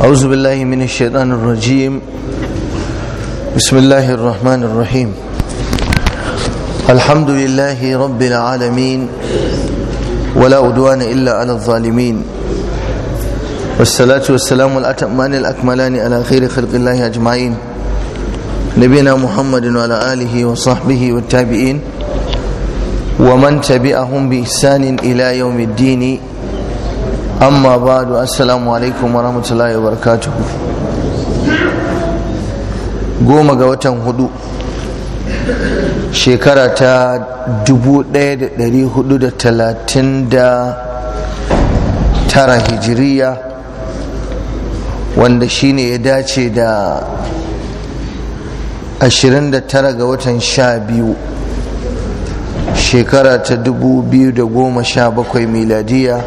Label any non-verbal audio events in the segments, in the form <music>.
أعوذ بالله من الشيطان الرجيم بسم الله الرحمن الرحيم الحمد لله رب العالمين ولا أدوان إلا على الظالمين والصلاة والسلام الأتمان الأكملان على خير خلق الله أجمعين نبينا محمد وعلى آله وصحبه والتابعين ومن تبعهم بإحسان إلى يوم الدين amma ba da assalamu alaikum wa wabarakatuh goma ga watan hudu shekara ta 1439 hijiriya wanda shine ya dace da 29 ga watan sha biyu, shekara ta 2017 miladiya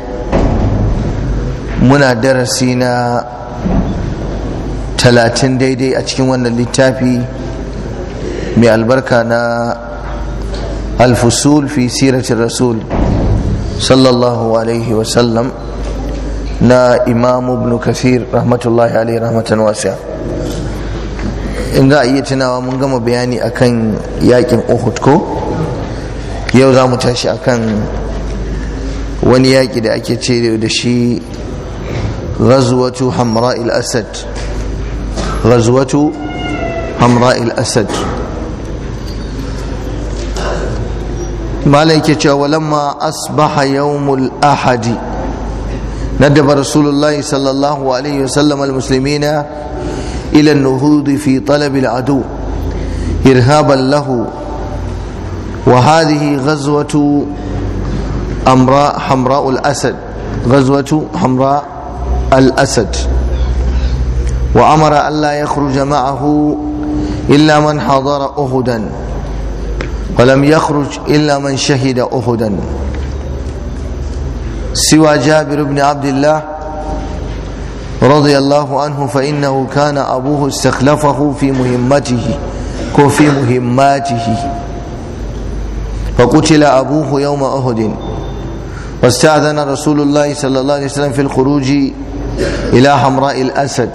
muna darasi na talatin daidai a cikin wannan littafi mai albarka na alfusul fi siratin rasul sallallahu alaihi wasallam na imamu ibn kasir rahmatullahi alaihi rahmatan wasiya in ga iya tunawa mun gama bayani akan yakin uhud ko yau za mu tashi akan wani yaki da ake ce da shi غزوة حمراء الأسد غزوة حمراء الأسد مالك ولما أصبح يوم الأحد ندب رسول الله صلى الله عليه وسلم المسلمين إلى النهوض في طلب العدو إرهابا له وهذه غزوة أمراء حمراء الأسد غزوة حمراء الأسد وأمر ألا يخرج معه إلا من حضر أهدا ولم يخرج إلا من شهد أهدا سوى جابر بن عبد الله رضي الله عنه فإنه كان أبوه استخلفه في مهمته وفي مهماته فقتل أبوه يوم أهد واستأذن رسول الله صلى الله عليه وسلم في الخروج إلى حمراء الأسد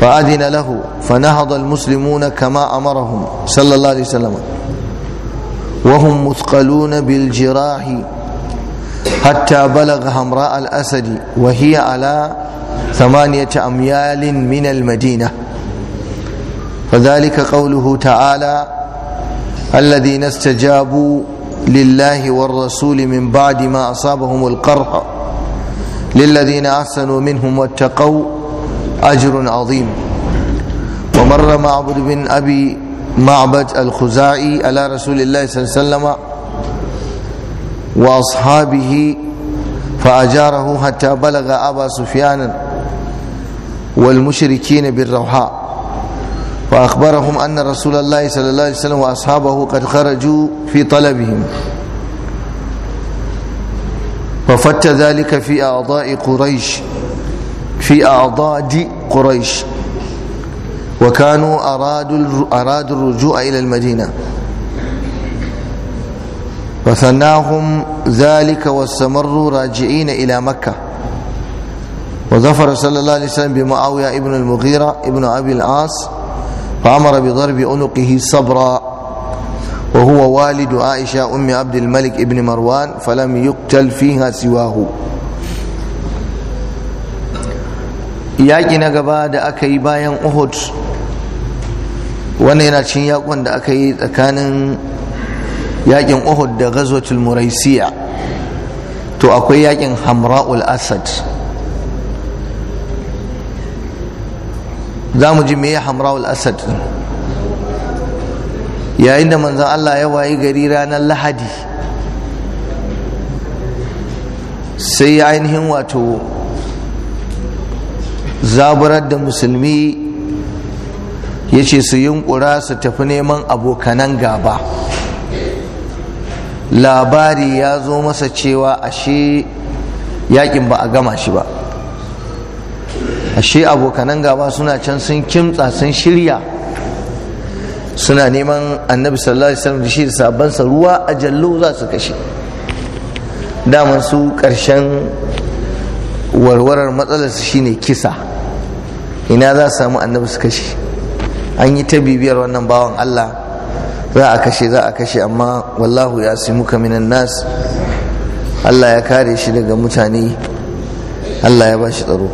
فأذن له فنهض المسلمون كما أمرهم صلى الله عليه وسلم وهم مثقلون بالجراح حتى بلغ حمراء الأسد وهي على ثمانية أميال من المدينة فذلك قوله تعالى الذين استجابوا لله والرسول من بعد ما أصابهم القرح للذين أحسنوا منهم واتقوا أجر عظيم ومر معبد بن أبي معبد الخزاعي على رسول الله صلى الله عليه وسلم وأصحابه فأجاره حتى بلغ أبا سفيان والمشركين بالروحاء فأخبرهم أن رسول الله صلى الله عليه وسلم وأصحابه قد خرجوا في طلبهم وفت ذلك في أعضاء قريش في أعضاد قريش وكانوا أرادوا أرادوا الرجوع إلى المدينة وثناهم ذلك واستمروا راجعين إلى مكة وظفر صلى الله عليه وسلم بمعاوية ابن المغيرة ابن أبي العاص فأمر بضرب عنقه صبرا وهو والد عائشة أم عبد الملك ابن مروان فلم يقتل فيها سواه yaƙi na gaba da aka yi bayan uhud wannan yana cin yaƙon da aka yi tsakanin yaƙin uhud da ghazwatul muraisiya to akwai yaƙin hamra'ul asad za mu ji meye hamra'ul asad yayin da manzan Allah ya wayi gari ranar lahadi sai ya ainihin wato zaburar da musulmi ya ce su yunkura su tafi neman abokanan gaba labari ya zo masa cewa ashe yakin ba a gama shi ba ashe abokanan gaba suna can sun kimtsa sun shirya suna neman annabi sallallahu alaihi wasallam da shi da sabansa ruwa a jallo za su kashe daman su ƙarshen warwarar matsalarsu shine kisa ina za su samu annabi su kashe an yi ta bibiyar wannan bawan Allah za a kashe za a kashe amma wallahu ya simu minan nas Allah ya kare shi daga mutane Allah ya ba shi tsaro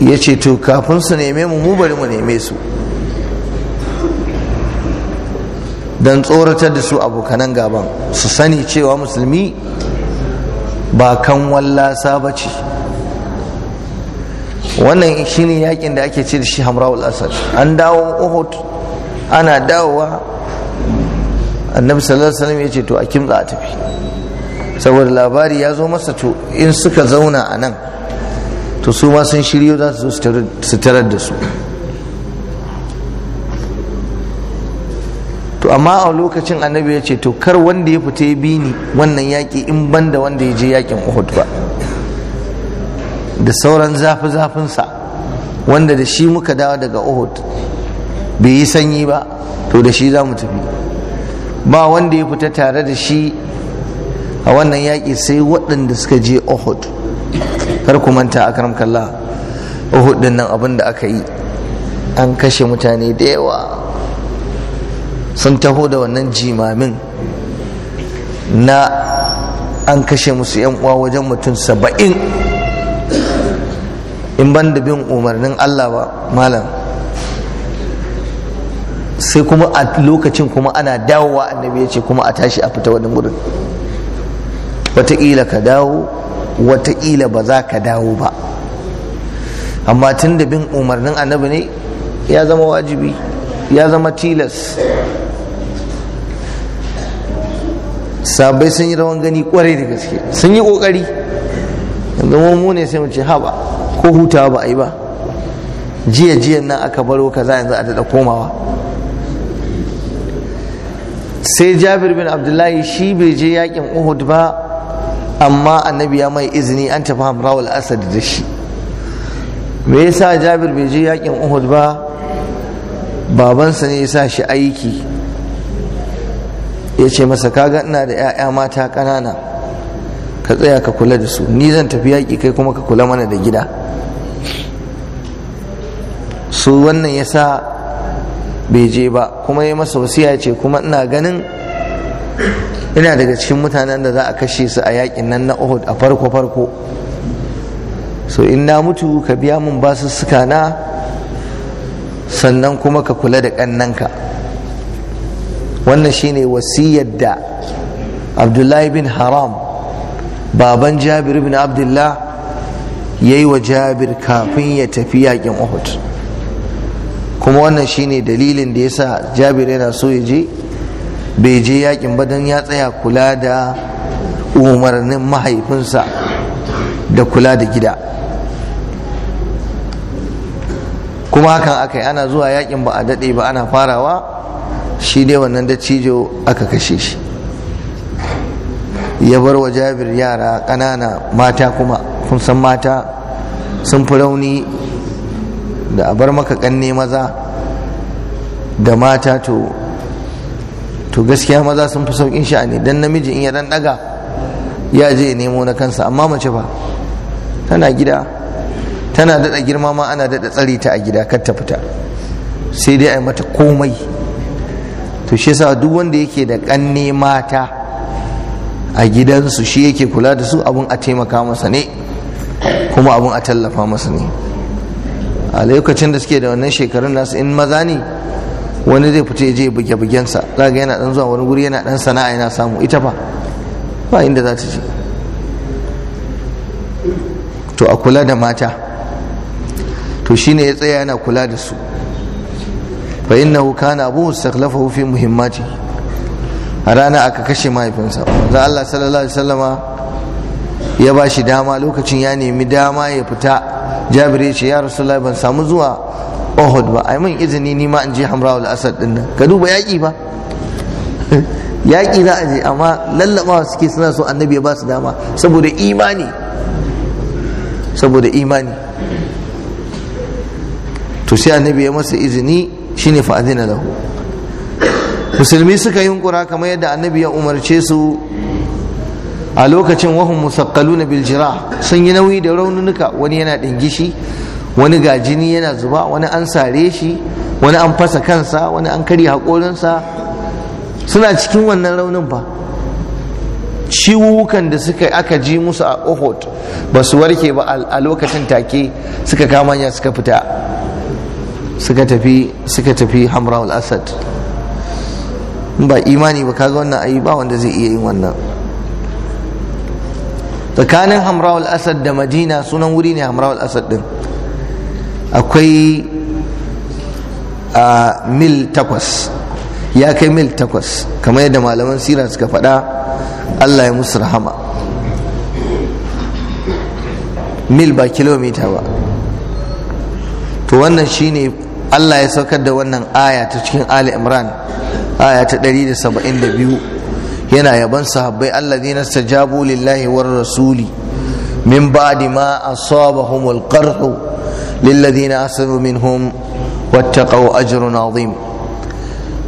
ya ce to kafin su neme mu mu bari mu neme su don tsoratar da su abokanan gaban su sani cewa musulmi ba kan wallasa ba ce wannan shine yakin da ake ce da shi hamrawul asad an dawo uhud ana dawowa annabi sallallahu alaihi wasallam ya ce to a kimtsa a tafi saboda labari ya zo masa to in suka zauna a nan to su ma sun shiryo za su zo su tarar da su to amma a lokacin annabi ya ce to kar wanda ya fita ya bi ni wannan yaƙi in ban da wanda ya je yaƙin uhud ba da sauran zafi-zafinsa wanda da shi muka dawo daga uhud bai yi sanyi ba to da shi za mu tafi ba wanda ya fita tare da shi a wannan yaƙi sai waɗanda suka je uhud kar ku manta akram kalla uhud din nan abin da aka yi an kashe mutane da yawa sun taho da wannan jimamin na an kashe musu yan uwa wajen mutum saba'in in ban da bin umarnin allah ba malam sai kuma a lokacin kuma ana dawowa annabi ya ce kuma a tashi a fita wani gudun. wataƙila ka dawo wataƙila ba za ka dawo ba amma tun da bin umarnin annabi ne ya zama wajibi ya zama tilas sabai sun yi rawan gani kwarai da gaske sun yi kokari zama mu ne sai mu ce haba ko hutawa ba a yi ba jiya jiyan nan aka baro kaza yanzu a daɗa komawa sai jabir bin abdullahi shi bai je yakin uhud ba amma annabi ya mai izini an tafi hamrawul asad da shi me yasa jabir bai je yakin uhud ba babansa ne yasa shi aiki ya ce masa kaga ina da 'ya'ya mata kanana ka tsaya ka kula da su ni zan tafi yaki kai kuma ka kula mana da gida su wannan ya sa bai je ba kuma ya masa wasiya ce kuma ina ganin ina daga cikin mutanen da za a kashe su a yakin nan na Uhud a farko farko so in na mutu ka biya mun basu suka na sannan kuma ka kula da ƙannanka wannan shine wasiyar da abdullahi bin haram baban jabir bin abdullah ya yi wa jabir kafin ya tafi yakin uhud kuma wannan shine dalilin da yasa jabir yana so ya je bai je yakin ba don ya tsaya kula da umarnin mahaifinsa da kula da gida kuma hakan aka yi ana zuwa yakin ba a daɗe ba ana farawa shi dai wannan da cijo aka kashe shi ya bar wa jabir yara ƙanana mata kuma kun san mata sun fi rauni da a bar maka ƙanne maza da mata to to gaskiya maza sun fi saukin sha'ani dan namiji in ya dan daga ya je nemo na kansa amma mace ba tana gida tana dada girma ma ana daɗa tsare ta a gida kar ta fita sai dai a yi mata komai to shi yasa duk wanda yake da kanne mata a gidansu shi yake kula da su abun a taimaka masa ne kuma abun a tallafa masa ne a lokacin da suke da wannan shekarun nasu in maza ne wani zai fita je buge bugensa za ga yana dan zuwa wani guri yana dan sana'a yana samu ita fa ba inda za ta je to a kula da mata to shine ya tsaya yana kula da su fa innahu kana abu istakhlafahu fi muhimmati a rana aka kashe mahaifinsa manzo Allah sallallahu alaihi wasallama ya ba shi dama lokacin ya nemi dama ya fita jabiri ya ce ya rasulullahi ban samu zuwa Uhud ba ai mun izini ni ma in je Hamrawul Asad din nan ka duba yaƙi ba <laughs> yaƙi za a je amma lallabawa suke suna so annabi ya ba su dama saboda imani saboda imani to sai annabi ya masa izini shine fa adina lahu musulmi suka yunkura kamar yadda annabi ya umarce su a lokacin wahun musakkaluna bil biljira sun yi nauyi da raununuka wani yana dingishi wani ga jini yana zuba wani an sare shi wani an fasa kansa wani an kari haƙorinsa suna cikin wannan raunin ba ciwukan da suka aka ji musu a ohot ba su warke ba a lokacin take suka kama ya suka fita suka tafi suka tafi hamra asad ba imani ba kaga wannan ayi ba wanda zai iya yin wannan tsakanin hamra asad da madina sunan wuri ne hamra al-asad din akwai a mil takwas ya kai mil takwas kamar yadda malaman sira suka faɗa allah ya musu rahama mil ba kilomita ba to wannan shine allah ya saukar da wannan aya ta cikin ali imran aya ta 172 yana yaban sahabbai alladhina jabo lillahi war rasuli min ba'di ma asabahum al للذين أحسنوا منهم واتقوا أجر عظيم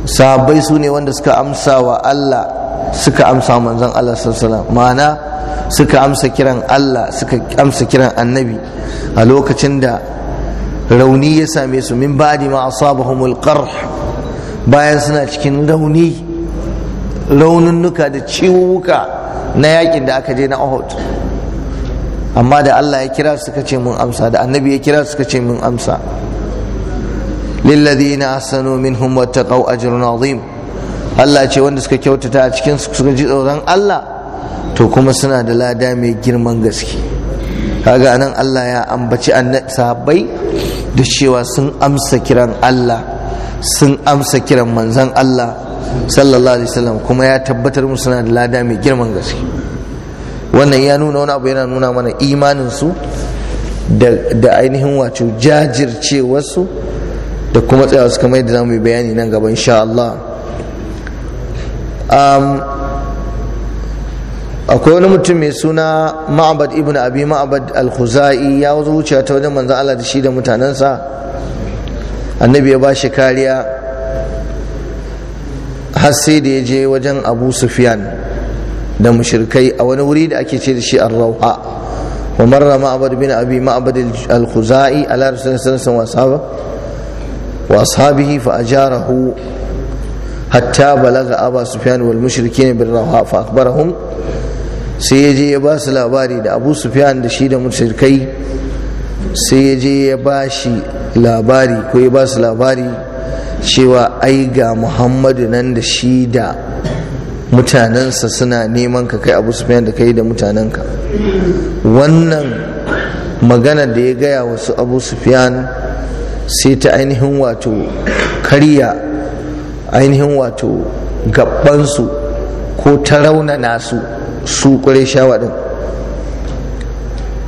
sahabbai su ne wanda suka amsa wa Allah suka amsa manzon Allah sallallahu ma'ana suka amsa kiran Allah suka amsa kiran annabi a lokacin da rauni ya same su min ba'di ma asabahumul qarh bayan suna cikin rauni raununnuka da ciwuka na yakin da aka je na Uhud amma da Allah ya kira su suka ce mun amsa da annabi ya kira su suka ce mun amsa lilladhina ahsanu minhum wattaqaw ajrun azim Allah ce wanda suka kyautata a cikin suka ji tsoron Allah to kuma suna da lada mai girman gaske kaga anan Allah ya ambaci sahabbai da cewa sun amsa kiran Allah sun amsa kiran manzon Allah sallallahu alaihi wasallam kuma ya tabbatar musu suna da lada mai girman gaske wannan ya nuna wani abu yana nuna mana imaninsu da ainihin wato jajircewarsu da kuma tsayawa suka mai da zamu yi bayani nan gaba insha Allah akwai wani mutum mai suna ma'abad ibn abi ma'abad al-khuzai ya zo wucewa ta wajen manzon Allah da shi da mutanensa annabi ya ba shi kariya har sai da ya je wajen abu sufyan da mushrikai a wani wuri da ake ce da shi ar-rawha wa marra ma'bad bin abi ma'bad al-khuzai ala rasulillahi sallallahu wa ashabihi fa ajarahu hatta balaga aba sufyan wal mushrikin bil rauha fa akhbarahum sai yaje ya ba su labari da abu sufyan da shi da mushrikai sai yaje ya ba shi labari ko ya ba su labari cewa ai ga muhammadu nan da shi da mutanensa suna neman ka kai abu sufyan da kai da mutanenka wannan magana da ya gaya wasu abu sufyan sai ta ainihin wato karya ainihin wato gabansu ko ta raunana su su kure shawa din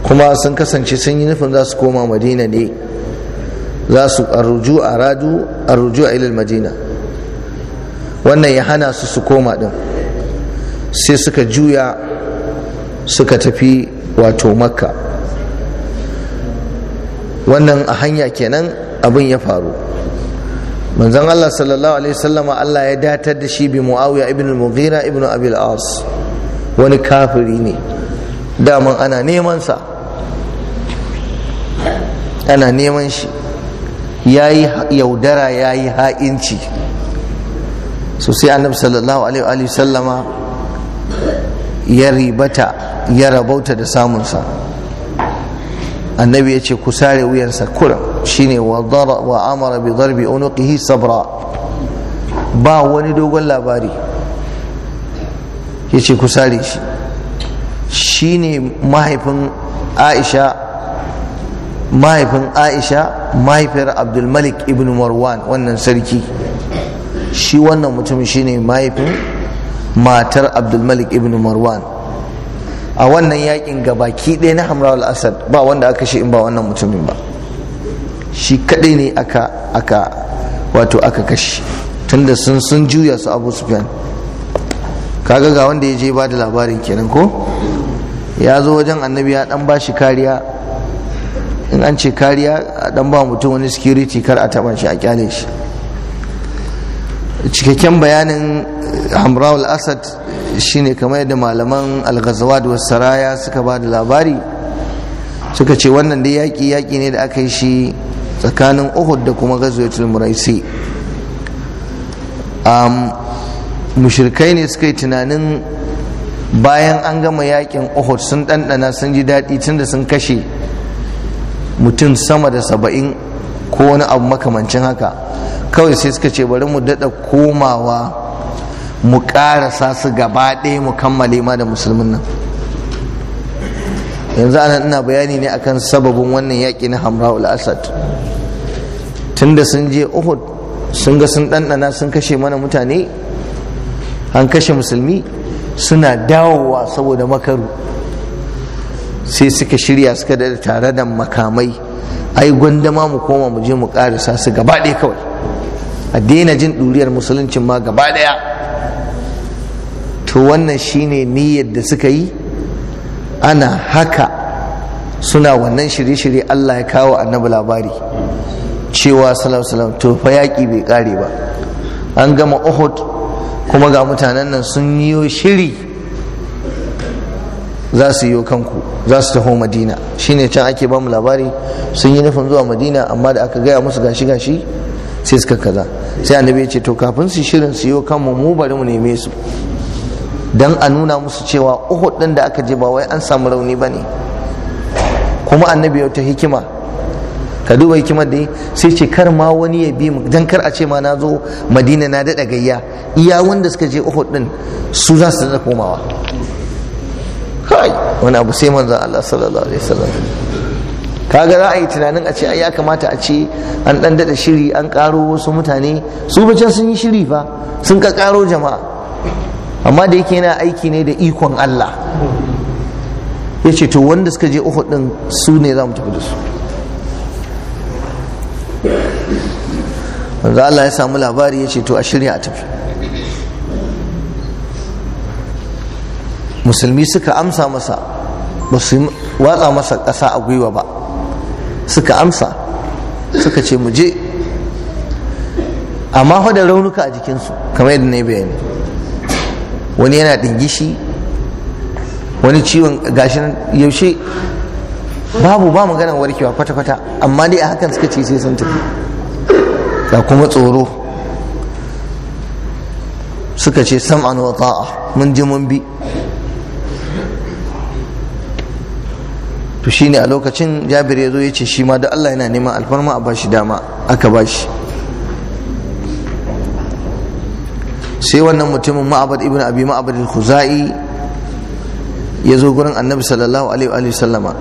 kuma sun kasance sun yi nufin za su koma madina ne za su arruju a radu arruju a ilil madina wannan ya hana su su koma din sai suka juya suka tafi wato makka wannan a hanya kenan abin ya faru manzan Allah sallallahu alaihi wasallama Allah ya datar da shi bi Muawiya ibn al-Mughira ibn abil al-As wani kafiri ne daman ana neman sa ana neman shi yayi yaudara yayi ha'inci so sai annabi sallallahu alaihi wasallama ya ribata ya rabauta da samunsa annabi ya ce ku sare wuyansa kura shine wa amara bi darbi unuqihi sabra ba wani dogon labari ya ce ku sare shi shine mahaifin aisha mahaifin aisha mahaifiyar abdulmalik ibn marwan wannan sarki shi wannan mutum shine mahaifin matar abdulmalik ibn marwan a wannan yakin gabaki ɗaya na hamra al-asad ba wanda aka shi in ba wannan mutumin ba shi kaɗai ne aka aka wato aka kashi tunda sun sun juya su abu sufyan kaga ga wanda ya je ba da labarin kenan ko ya zo wajen annabi ya dan ba shi kariya in an ce kariya a dan ba mutum wani security kar a taɓa shi a kyale shi cikakken bayanin hamrawul eh, asad shine kamar yadda malaman da wa saraya suka ba da labari suka ce wannan da yaƙi yaƙi ne da aka yi shi tsakanin uhud da kuma gazuwatul muraisi mushirkai ne suka yi tunanin bayan an gama yaƙin uhud sun ɗanɗana sun ji daɗi tunda sun kashe mutum sama da saba'in ko wani abu makamancin haka kawai sai suka ce bari mu daɗa komawa mu ƙarasa su gaba ɗaya mu kammale ma da musulmin nan yanzu anan ina bayani ne akan sababin wannan yaƙi na hamra'ul asad tunda sun je uhud sun ga sun ɗanɗana sun kashe mana mutane an kashe musulmi suna dawowa saboda makaru sai suka shirya suka da tare da makamai ai gwandama mu koma mu je mu karisa su gaba ɗaya kawai a daina jin ɗuriyar musuluncin ma gaba ɗaya to wannan shine niyyar da suka yi ana haka suna wannan shirye-shirye Allah ya kawo annabi labari cewa salam salam to fa yaƙi bai ƙare ba an gama uhud kuma ga mutanen nan sun yi shiri za su yi kanku za su taho madina shine can ake bamu labari sun yi nufin zuwa madina amma da aka gaya musu gashi gashi sai suka kaza sai annabi ya ce to kafin su shirin su yi kanmu mu bari mu neme su dan a nuna musu cewa uhud din da aka je ba wai an samu rauni bane kuma annabi ya ta hikima ka duba hikimar da sai ce kar ma wani ya bi mu dan kar a ce ma na zo madina na daɗa gayya iya wanda suka je uhud ɗin su za su daɗa komawa wani abu sai manzan Allah sallallahu alaihi wasallam kaga za a yi tunanin a ce ai ya kamata a ce an dan dada shiri an karo wasu mutane su ba can sun yi shiri fa sun ka karo jama'a amma da yake yana aiki ne da ikon Allah ya ce to wanda suka je Uhud din su ne za mu tafi da su manzan Allah ya samu labari ya ce to a shirya a tafi musulmi suka amsa masa ba su watsa masa ƙasa a gwiwa ba suka amsa suka ce mu je amma fa da raunuka a jikinsu kamar yadda na yi bayani wani yana ɗingishi wani ciwon gashin yaushe babu ba maganar warkewa kwata-kwata amma dai a hakan suka ce sai sun tafi da kuma tsoro suka ce sam'an wa ta'a mun ji mun bi to shine a lokacin jabir ya zo ya ce shi ma da Allah yana neman alfarma a bashi dama aka bashi sai wannan mutumin ma'abad ibn abi ma'abad al-khuzai ya zo gurin annabi sallallahu alaihi wa sallama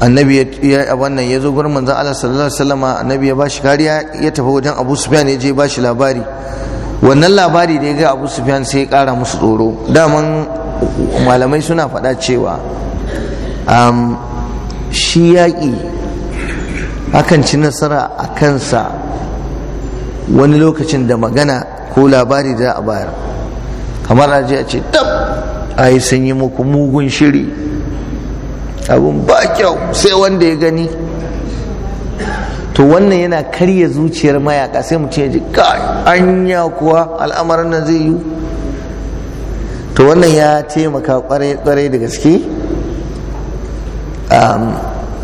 annabi ya wannan ya zo gurin manzo Allah sallallahu alaihi wa sallama annabi ya bashi kariya ya tafi wajen Abu Sufyan ya je bashi labari wannan labari da ya ga abu sufyan sai ya kara musu tsoro daman malamai suna faɗa cewa um, shi yaƙi akan ci nasara a kansa wani lokacin da magana ko labari da a bayar kamar a a ce tab a yi sanyi muku mugun shiri abun ba kyau sai wanda ya gani to wannan yana karya zuciyar mayaka sai mu ce ji kai anya kuwa al'amarin nan zai yi to wannan ya taimaka kwarai da gaske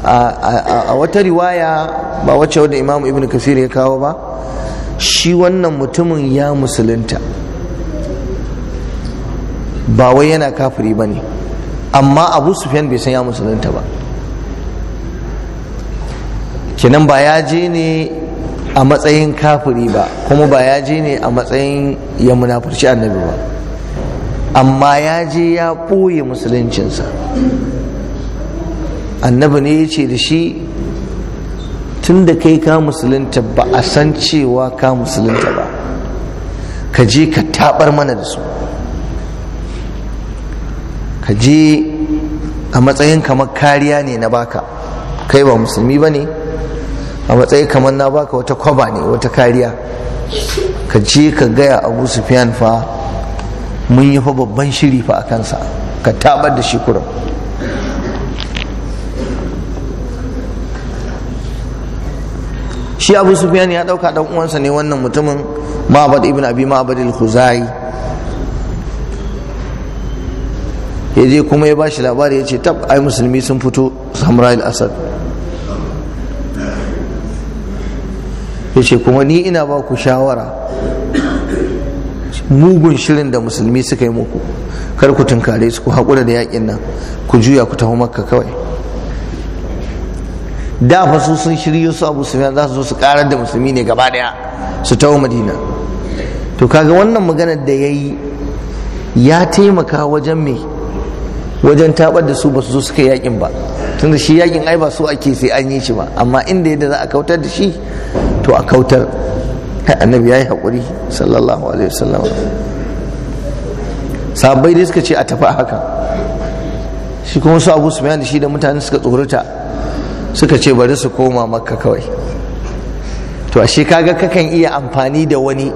a wata riwaya ba wacce wadda imamu ibn kasir ya kawo ba shi wannan mutumin ya musulunta ba wai yana kafiri ba ne amma abu sufyan bai san ya musulunta ba kenan ba ya je ne a matsayin kafiri ba kuma ba ya je ne a matsayin ya munafurci annabi ba amma ya je ya ɓoye musuluncinsa annabi ne ya ce da shi tun da kai ka musulunta ba a san cewa ka musulunta ba ka je ka tabar mana da su ka je a matsayin kamar kariya ne na baka kai ba musulmi ba ne a matsayi kamar na baka wata kwaba ne wata kariya ka je ka gaya abu sufyan fa mun yi fa babban shiri fa a kansa ka tabar da shi kurum shi abu sufyan ya dauka dan uwansa ne wannan mutumin ma'abad ibn abi ma'abad al-khuzai ya je kuma ya bashi labari ya ce tab ai musulmi sun fito samurai al ya ce kuma ni ina ba ku shawara mugun shirin da musulmi suka yi muku kar ku tunkare su ku haƙura da yaƙin nan ku juya ku tafi makka kawai da fa su sun shiryo su abu sufyan za su zo su karar da musulmi ne gaba daya su taho madina to kaga wannan maganar da ya yi ya taimaka wajen me wajen tabar da su ba su zo suka yakin ba tunda shi yakin ai ba su ake sai an yi shi ba amma inda yadda za a kautar da shi to a kautar kai annabi ya yi haƙuri sallallahu alaihi wasallam sabai dai suka ce a tafi haka shi kuma su abu su da shi da mutane suka tsorata suka ce bari su koma makka kawai to ashe kaga kakan iya amfani da wani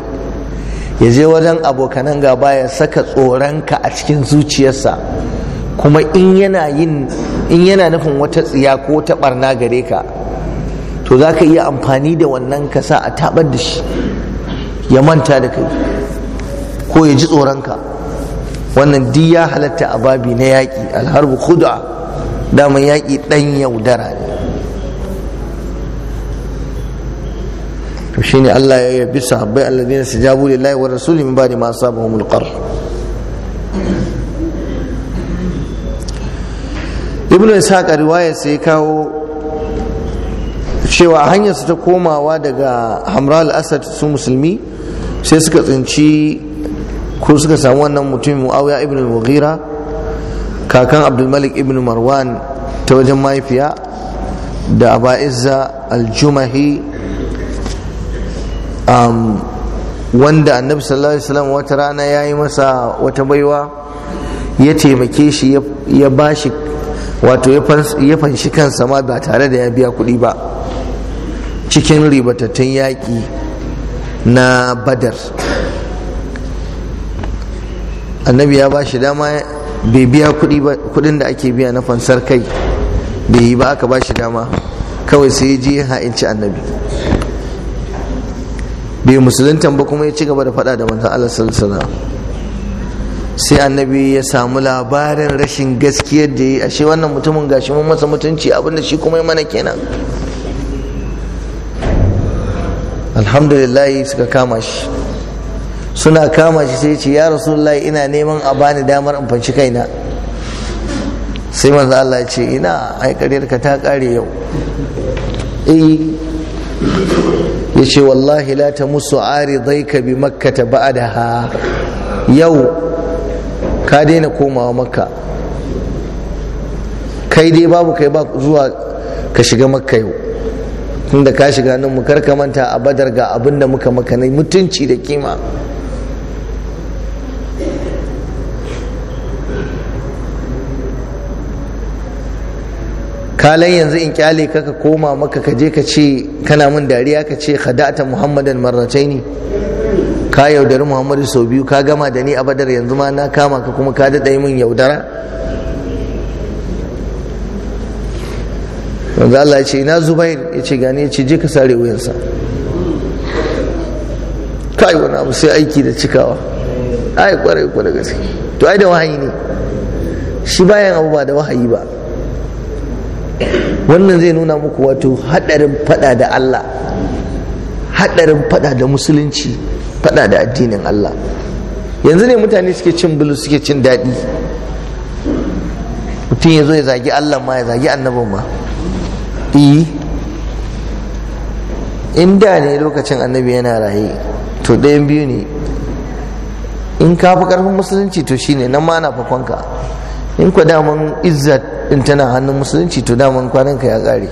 ya je wajen abokanan gaba ya saka tsoronka a cikin zuciyarsa kuma in yana in yana nufin wata tsiya ko ta barna gare ka to za ka iya amfani da wannan kasa a tabar da shi ya manta da kai ko ya ji tsoronka wannan duk ya halatta a babi na yaƙi alharbu khud'a daman yaƙi ɗan yaudara ne to ne Allah ya yabi sahabbai alladhina istajabu lillahi wa rasulihi min ba'di ma asabahumul qarh ibnu ishaq riwaya sai kawo cewa a hanyarsu ta komawa daga hamra al-asad su musulmi sai suka tsinci ko suka samu wannan mutum muawiya ibn al-mughira kakan abdulmalik ibn marwan ta wajen mahaifiya da aba izza al-jumahi um, wanda annabi sallallahu alaihi wasallam wata rana ya yi masa wata baiwa ya taimake shi ya bashi wato ya fanshi kansa ma ba tare da ya biya kuɗi ba cikin ribatattun yaƙi na badar annabi ya ba shi dama bai biya kudin da ake biya na fansar kai bai yi ba aka ba shi dama kawai sai ya je ha'inci annabi bai musuluntan ba kuma ya ci gaba da faɗa da manzan Allah salsala sai annabi ya samu labarin rashin gaskiyar da ya yi ashe wannan mutumin gashi mun masa mutunci abinda shi kuma ya mana kenan alhamdulillah suka kama shi suna kama shi sai ce ya rasulullahi ina neman a bani damar in fanci kaina sai manzo Allah ya ce ina ai ka ta kare yau eh ya wallahi la ta musu aridaika bi makkata ba'daha yau ka daina komawa makka kai dai babu kai ba zuwa ka shiga makka yau tunda ka shiga nan mu karka manta a badar ga abin da muka maka na mutunci da kima kalan yanzu in kyale kaka koma maka ka je ka ce kana min dariya ka ce khada'ata muhammadan marrataini ka yaudari muhammadu sau biyu ka gama da ni a badar yanzu ma na kama ka kuma ka daɗa min yaudara wanda Allah ya ce ina Zubair ya ce gani ya ce je ka sare wuyansa kai wani abu sai aiki da cikawa ai kwarai da gaske to ai da wahayi ne shi bayan abu ba da wahayi ba wannan zai nuna muku wato hadarin fada da Allah hadarin fada da musulunci fada da addinin Allah yanzu ne mutane suke cin bulu suke cin daɗi mutum ya zo ya zagi Allah ma ya zagi annabin ma in da ne lokacin annabi yana raye to ɗayan biyu ne in ka fi ƙarfin musulunci to shine nan ma na fakonka in ku daman izza in tana hannun musulunci to daman kwananka ya ƙare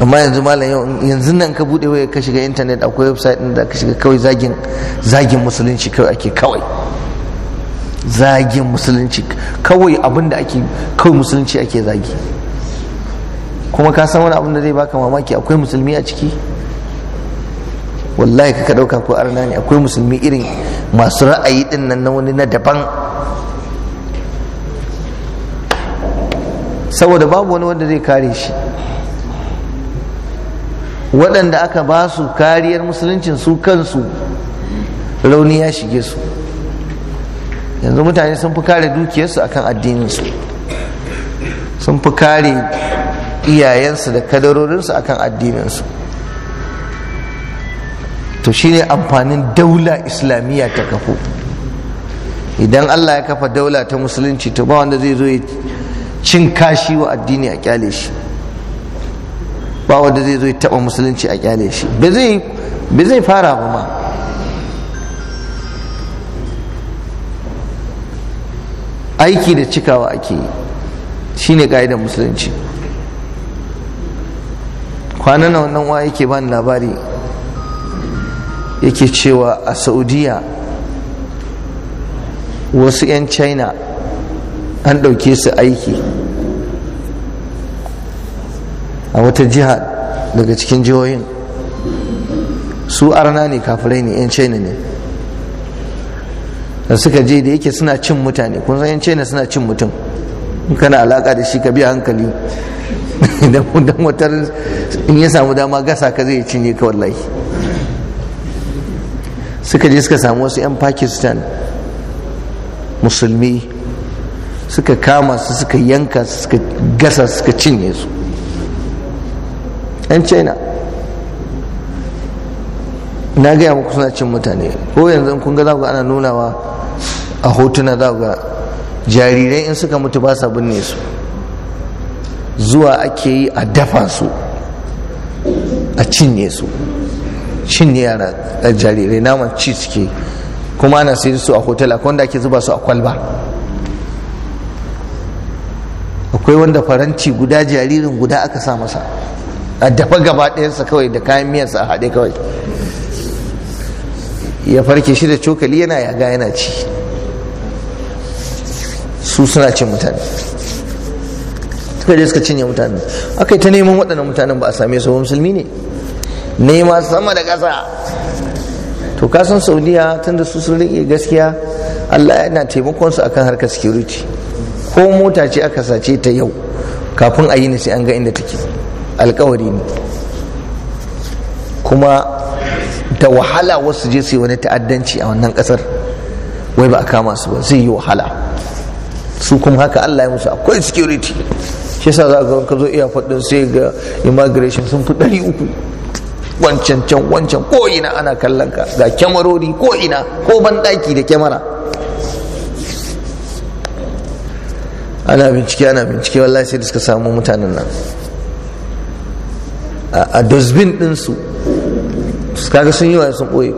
amma yanzu malam yanzu nan ka bude waya ka shiga intanet akwai website din da ka shiga kawai zagin zagin musulunci kawai ake kawai zagin musulunci kawai abinda da ake kawai musulunci ake zagi kuma ka san wani abin da zai baka mamaki akwai musulmi a ciki wallahi ka ɗauka ko arna ne akwai musulmi irin masu ra'ayi din nan na wani na daban saboda babu wani wanda zai kare shi waɗanda aka ba su kariyar musuluncin su kansu rauni ya shige su yanzu mutane sun fi kare dukiyarsu akan addininsu sun fi kare iyayensu da kadarorinsu akan addininsu to shine amfanin daula islamiyya ta kafu idan Allah ya kafa daula ta musulunci to ba wanda zai zo ya cin kashi wa addini a kyale shi ba wanda zai zo ya taba musulunci a kyale shi ba zai fara ba ma aiki da cikawa ake yi shine ka'idar musulunci kwanan nan wannan wa yake bani labari yake cewa a saudiya wasu 'yan china an ɗauke su aiki a wata jiha daga cikin jihohin su arna ne kafirai ne 'yan china ne da suka je da yake suna cin mutane kun san 'yan china suna cin mutum kana alaka da shi ka biya hankali idan <laughs> wutar in ya samu dama gasa ka zai cinye ka wallahi suka je suka samu wasu 'yan pakistan musulmi suka kama su suka yanka su suka gasa suka cinye su 'yan china na gaya muku suna cin mutane ko yanzu kun ga zaku ana nunawa a hotuna za ga jarirai in suka mutu ba sa binne su zuwa ake yi a dafa su a cinye su cinye yara jarirai naman ci suke kuma ana sayar su a hotel akwai wanda ake zuba su a kwalba akwai wanda faranci guda jaririn guda aka sa masa a dafa gaba ɗayansa kawai da kayan miyarsa a haɗe kawai ya farke shi da cokali yana yaga yana ci su suna cin mutane sai dai suka cinye mutane aka yi ta neman waɗannan mutanen ba a same su musulmi ne nema sama da ƙasa to kasan saudiya tunda da su sun riƙe gaskiya allah yana taimakon su akan harkar security ko mota ce aka sace ta yau kafin a yi ni sai an ga inda take alkawari ne kuma da wahala wasu je su yi wani ta'addanci a wannan ƙasar wai ba a kama su ba zai yi wahala su kuma haka allah ya musu akwai security shi yasa za ka ka zo iya faɗin sai ga immigration sun fi ɗari uku wancan can wancan ko ina ana kallon ka ga kyamarori ko ina ko banɗaki da kyamara ana bincike ana bincike wallahi sai da suka samu mutanen nan a dosbin ɗinsu kaga sun yi wa sun ɓoye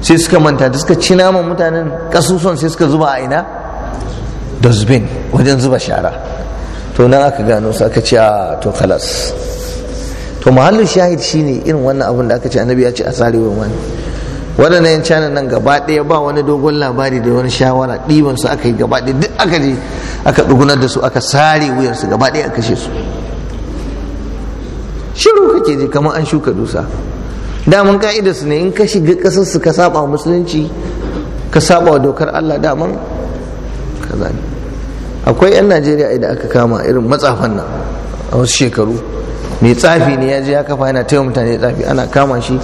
sai suka manta da suka ci naman mutanen ƙasusuwan sai suka zuba a ina dosbin wajen zuba shara to nan aka gano su aka ce to kalas to mahallin shahid shine irin wannan abin da aka ce annabi ya ce a tsarewa wani Wadannan yan cana nan gaba ɗaya ba wani dogon labari da wani shawara ɗiban su aka yi gaba ɗaya duk aka je aka ɗugunar da su aka sare wuyar su gaba ɗaya aka kashe su shiru kake ji kamar an shuka dusa daman ka'idar su ne in ka shiga ƙasar su ka saba musulunci ka saba dokar Allah daman kaza ne akwai 'yan najeriya idan aka kama irin matsafan nan a wasu shekaru mai tsafi ne ya je ya kafa yana taimaka mutane tsafi ana kama shi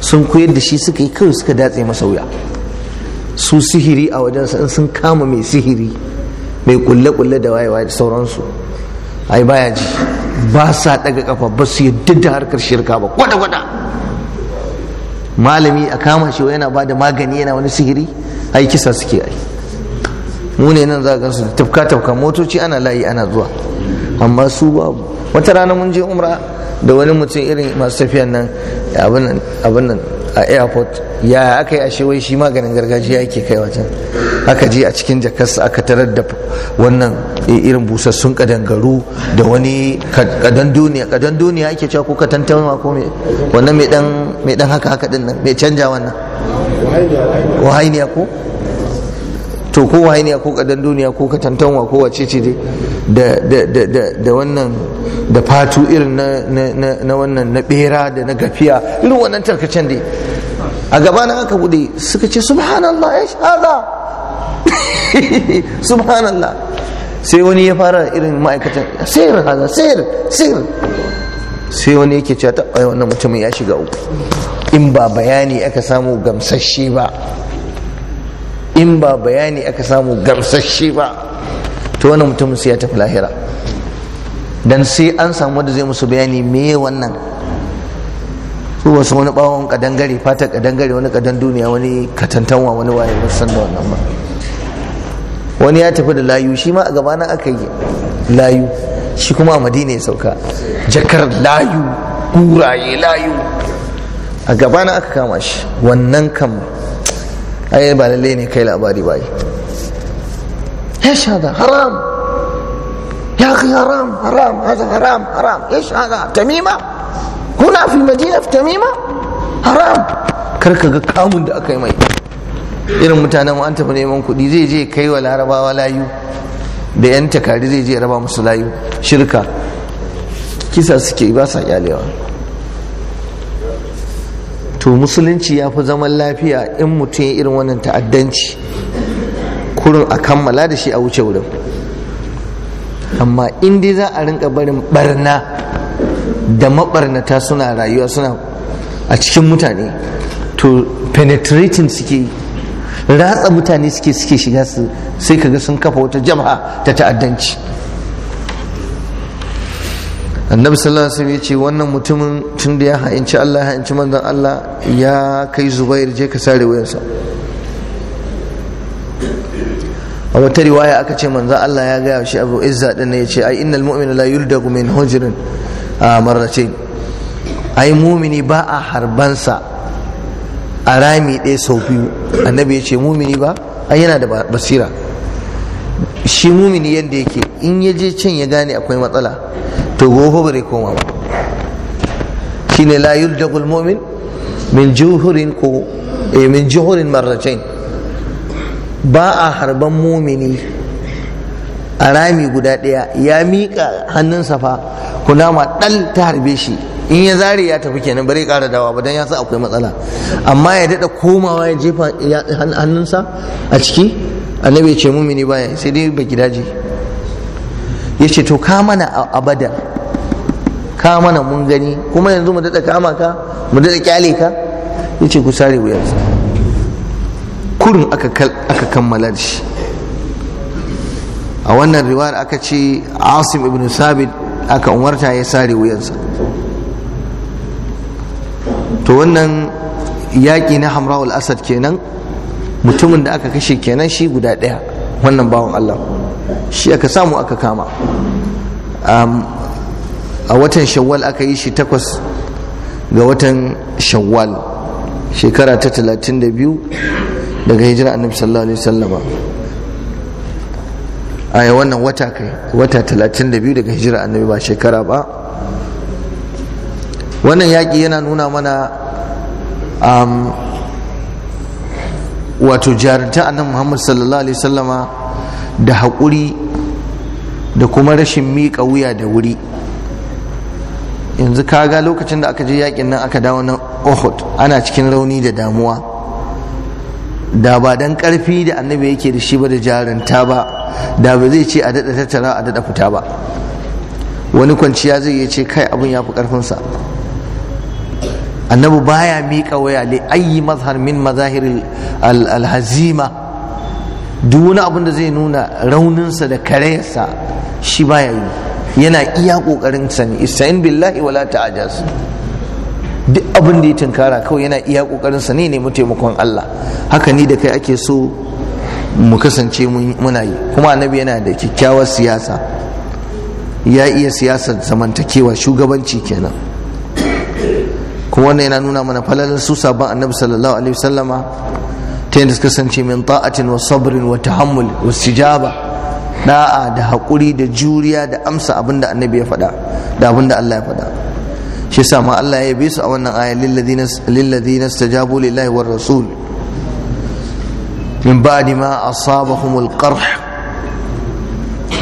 sun koyar da shi suka yi kawai suka datse masa wuya su sihiri a wajensa in sun kama mai sihiri mai kulle-kulle da wayewa da sauransu ai baya ji ba sa daga kafa ba su yadda da harkar shirka ba kwada-kwada malami a kama shi yana ba da magani yana wani sihiri ai kisa suke ai mu ne nan za ka su tafka tafka motoci ana layi ana zuwa amma su babu wata rana mun je umra da wani mutum irin masu tafiyan nan abin nan a airport ya aka yi a shewai shi maganin gargajiya yake kai wajen aka je a cikin jakarsa aka tarar da wannan irin busassun kadangaru da wani kadan duniya kadan duniya ake cewa ko katantanwa ko me wannan mai dan haka haka din nan mai canja wannan wahainiya ko to ko a ko dan duniya ko tantanwa, ko wace ce da wannan da fatu irin na wannan na bera da na gafiya irin wannan tarkacen dai a gaba na aka bude suka ce subhanallah ya shahada <laughs> subhanallah sai wani ya fara irin ma'aikatan sayar haza sayar sayar sai wani yake cewa ta wannan mutumin ya shiga uku in ba bayani aka samu gamsasshe ba in ba bayani aka samu gamsashe ba to wani mutumin sai ya tafi lahira dan sai an samu wanda zai musu bayani me wannan su wasu wani bawon kadangare fata kadangare wani kadan duniya wani katantanwa wani waye ba san da wannan ba wani ya tafi da layu shi ma a na aka yi layu shi kuma a madina ya sauka jakar layu guraye layu a gaba na aka kama shi wannan kan ai ba lalle ne kai labari ba Ya هذا haram ya اخي haram haram haram haram حرام ايش tamima kuna هنا في fi tamima haram. Kar karka ga kamun da aka yi mai irin mutanen an tafi neman kuɗi zai je kai wa larabawa layu da yan takari zai je raba musu layu shirka kisa suke ba sa kyalewa to musulunci ya fi zaman lafiya in mutum ya irin wannan ta'addanci kurin a kammala da shi a wuce wurin amma in dai za a rinka barin barna da mabarnata suna rayuwa suna a cikin mutane to penetrating suke ratsa mutane suke suke shiga su sai kaga sun kafa wata jama'a ta ta'addanci annabi sallallahu alaihi wasallam ya ce wannan mutumin tun da ya ha'inci Allah ya ha'inci manzon Allah ya kai Zubair je ka sare wayarsa a wata riwaya aka ce manzon Allah ya gaya shi Abu Izza din ne ya ce ai innal mu'mina la yuldagu min hujrin a marace. ai mumini ba a harbansa a rami ɗaya sau biyu annabi ya ce mumini ba ai yana da basira shi mumini yadda yake in ya je can ya gane akwai matsala to gobe bare koma ba shine la yuljaqul mu'min min juhurin ko e eh, min juhurin marratain ba a harban mumini a rami guda daya ya miƙa hannunsa fa kunama ɗal ta harbe shi in ya zare ya tafi kenan bare kara dawa ba don ya san akwai matsala amma ya dada komawa ya jefa hannunsa a ciki annabi ya ce mumini ba sai dai baki gidaje. ya ce to ka mana a abada ka mana mun gani kuma yanzu mu daɗa kama ka mu daɗa kyale ka ya ce ku sare wuyarsa kurin aka kammala da shi a wannan riwayar aka ce asim ibn sabit aka umarta ya sare wuyansa to wannan yaƙi na hamrawul asad kenan mutumin da aka kashe kenan shi guda ɗaya wannan bawan allah shi aka samu aka kama um, a watan shawwal aka yi shi takwas ga watan shawwal shekara ta 32 daga hijira annabi sallallahu alaihi wasallama a wannan wata kai wata 32 daga hijira annabi ba shekara ba wannan yaƙi yana nuna mana um, wato jarinta annabi muhammad sallallahu alaihi wasallama da haƙuri da kuma rashin miƙa wuya da wuri yanzu kaga lokacin da aka je yakin nan aka dawo na ohud ana cikin rauni da damuwa da ba dan ƙarfi da annabi yake da shi ba da jarinta ba da ba zai ce a daɗa tattara a daɗa fita ba wani kwanciya zai iya ce kai abin ya fi ƙarfinsa annabi baya miƙa waya li ayi mazhar min mazahir alhazima duk wani abin da zai nuna rauninsa da karayarsa shi baya yi yana iya kokarin sani isa'in billahi wala ta'ajaz duk abin da ya tunkara kawai yana iya kokarin sa ne nemi taimakon Allah haka ni da kai ake so mu kasance muna yi kuma annabi yana da kyakkyawar siyasa ya iya siyasar zamantakewa shugabanci kenan kuma wannan yana nuna mana falalin su sabon annabi sallallahu alaihi wasallama ta yadda suka sance min ta'atin wa sabrin wa tahammul wa sijaba da'a da haƙuri da juriya da amsa abin da annabi ya faɗa da abin da Allah ya faɗa shi yasa ma Allah ya yabe su a wannan aya lil ladina istajabu lillahi war rasul min ba'di ma asabahum al qarh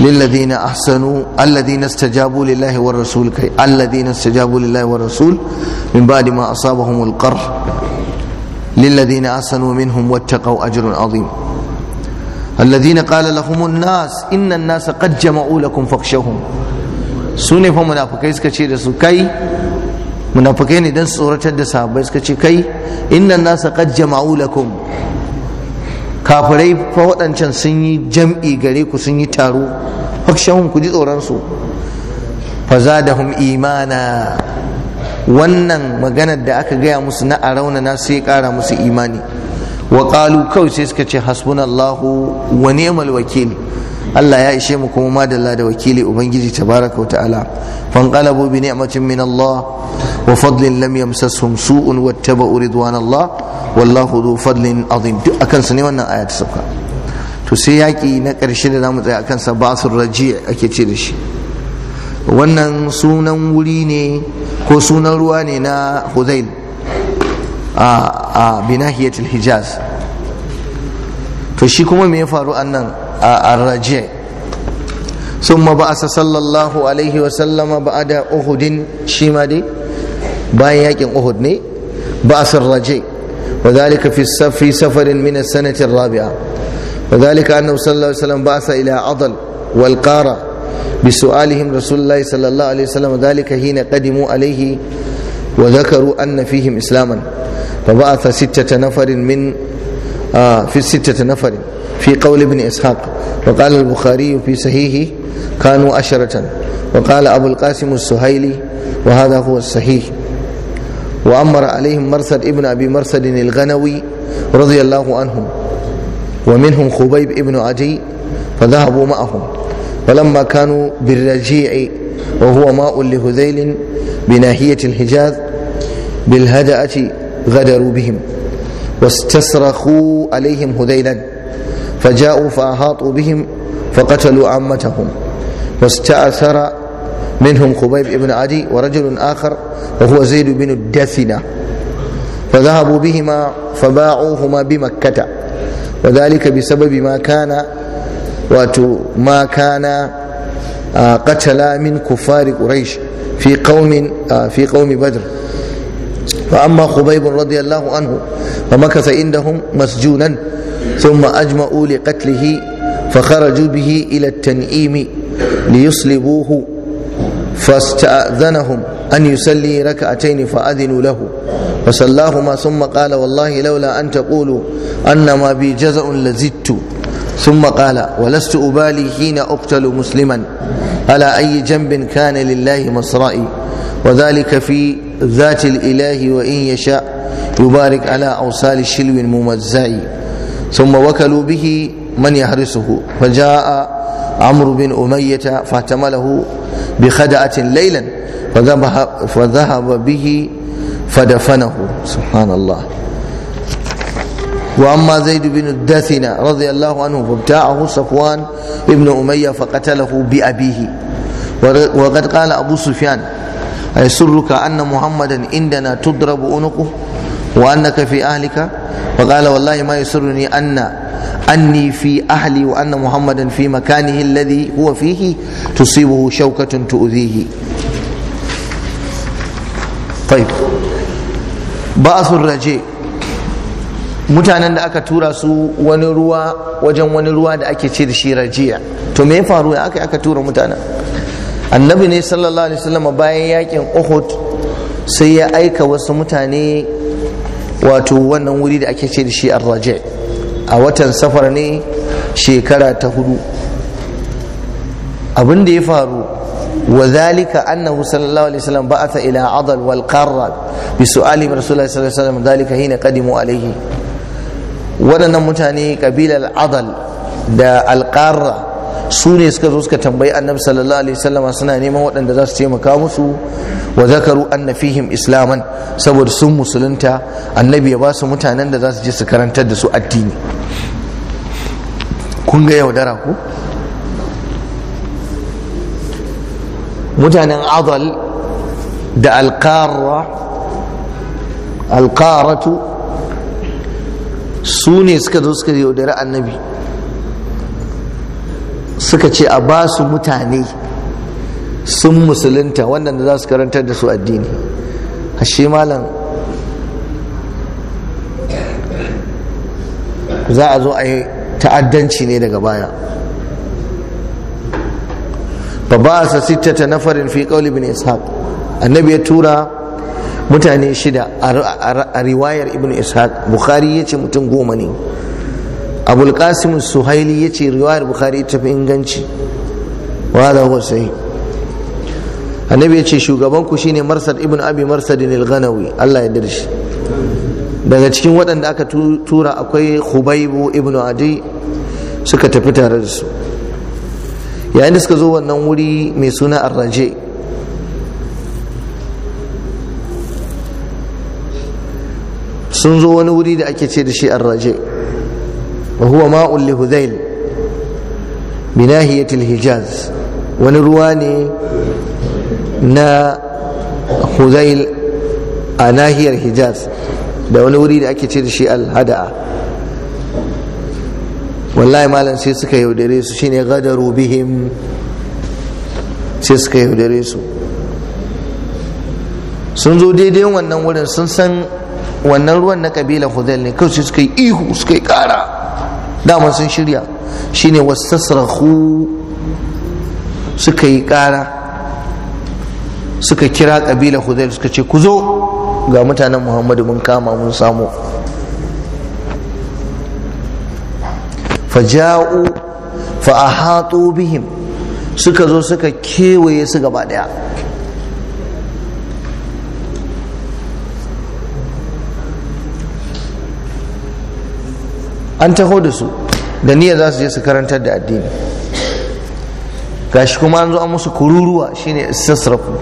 للذين احسنوا الذين استجابوا لله والرسول كي الذين استجابوا لله والرسول من بعد ما اصابهم القرح للذين أحسنوا منهم واتقوا أجر عظيم الذين قال لهم الناس إن الناس قد جمعوا لكم فاخشوهم سوني فمنافقين سكتشي رسول كي munafikai ne don tsoratar da sahabbai suka ce kai innan nasa qad jama'u lakum fa waɗancan sun yi jam'i gare ku sun yi taro ku ji tsoron su fa imana wannan maganar da aka gaya musu na a raunana sai ya kara musu imani wa kawai sai suka ce hasbunallahu wa ni'mal wakil Allah ya ishe mu kuma madalla da wakili ubangiji tabaraka wa ta'ala fanqalabu bi ni'matin min Allah wa fadlin lam yamsashum su'un wattaba'u ridwan Allah wallahu dhu fadlin azim duk akan ne wannan aya ta sauka to sai yaki na karshe da zamu tsaya akan sa basur raji' ake ce da shi wannan sunan wuri ne ko sunan ruwa ne na huzail a binahiyatul hijaz to shi kuma me ya faru annan a arraje sun ba'asa sallallahu alaihi wasallama ba'ada uhudin shi ma dai bayan yakin uhud ne ba'asar raje rabia wa ila بسؤالهم رسول الله صلى الله عليه وسلم ذلك حين قدموا عليه وذكروا أن فيهم إسلاما فبعث ستة نفر من آه في ستة نفر في قول ابن إسحاق وقال البخاري في صحيحه كانوا عشرة وقال أبو القاسم السهيلي وهذا هو الصحيح وأمر عليهم مرثد ابن أبي مرثد الغنوي رضي الله عنهم ومنهم خبيب ابن عدي فذهبوا معهم ولما كانوا بالرجيع وهو ماء لهذيل بناهية الحجاز بالهدأة غدروا بهم واستصرخوا عليهم هذيلا فجاءوا فأحاطوا بهم فقتلوا عمتهم واستأثر منهم خبيب بن عدي ورجل آخر وهو زيد بن الدثنة فذهبوا بهما فباعوهما بمكة وذلك بسبب ما كان wato ma kana qatala min kuffari quraish fi qaumin fi qaumi badr fa amma khubayb radiyallahu anhu fa makasa indahum masjunan thumma ajma'u li qatlihi fa kharaju bihi ila at-tan'im liyuslibuhu fasta'dhanahum أن يصلي ركعتين فأذنوا له فصلاهما ثم قال والله لولا أن تقولوا أنما بي جزع لزدت ثم قال ولست أبالي حين أقتل مسلما على أي جنب كان لله مصرائي وذلك في ذات الإله وإن يشاء يبارك على أوصال شلو ممزع ثم وكلوا به من يحرسه فجاء عمرو بن أمية فاحتمله بخدعة ليلا فذهب به فدفنه سبحان الله وأما زيد بن الدثنة رضي الله عنه فابتاعه صفوان ابن أمية فقتله بأبيه وقد قال أبو سفيان أيسرك أن محمدا عندنا تضرب عنقه وأنك في أهلك وقال والله ما يسرني أن أني في أهلي وأن محمدا في مكانه الذي هو فيه تصيبه شوكة تؤذيه طيب بأس الرجيء mutanen da aka tura su wani ruwa wajen wani ruwa da ake ce da shi rajiya to me ya faru ya aka aka tura mutanen annabi ne sallallahu alaihi wasallam bayan yakin uhud sai ya aika wasu mutane wato wannan wuri da ake ce da shi arraji a watan safar ne shekara ta hudu abin da ya faru wa zalika annahu sallallahu alaihi wasallam ba'atha ila adal wal qarra bi su'ali rasulullahi sallallahu alaihi wasallam zalika hina qadimu alaihi waɗannan mutane ƙabilar adal da alƙarra su ne suka zo suka tambayi annabi sallallahu alaihi wasallam suna neman waɗanda za su taimaka musu wa zakaru anna fihim islaman saboda sun musulunta annabi ya ba su mutanen da za su je su karantar da su addini kun ga yaudara ku? mutanen adal da alƙarra alƙaratu su ne suka zo suka yaudari annabi suka ce a ba su mutane sun musulunta wannan da za su karantar da su addini ashe malam za a zo a yi ta'addanci ne daga baya babba a sassita ta nafarin fi ƙauli bin ishaq annabi ya tura mutane shida a riwayar ibn ishaq bukhari ya ce mutum goma ne abul qasim suhaili ya ce riwayar bukhari ta fi inganci wa da wasai annabi ya ce shugaban ku shine marsad ibn abi marsad al-ghanawi Allah ya dirshi daga cikin waɗanda aka tura akwai hubaibu ibn adi suka tafi tare da su yayin da suka zo wannan wuri mai suna arraje sun zo wani wuri da ake ce da shi arraje wa huwa ma'ul li hudayl bi hijaz wani ruwa ne na hudayl a nahiyar hijaz da wani wuri da ake ce da shi al-hada'a wallahi malam sai suka yaudare su shine gadaru bihim sai suka yaudare su sun zo daidai wannan wurin sun san wannan ruwan na kabila hudal ne kawai suka yi ihu suka yi kara dama sun shirya shine wastasrahu suka yi kara suka kira kabila hudal suka ce ku zo ga mutanen muhammadu mun kama mun samu faja'u fa ahatu bihim suka zo suka kewaye su gaba daya an taho da su da niyya za su je su karantar da addini gashi kuma an zo an musu kururuwa shine sassrafu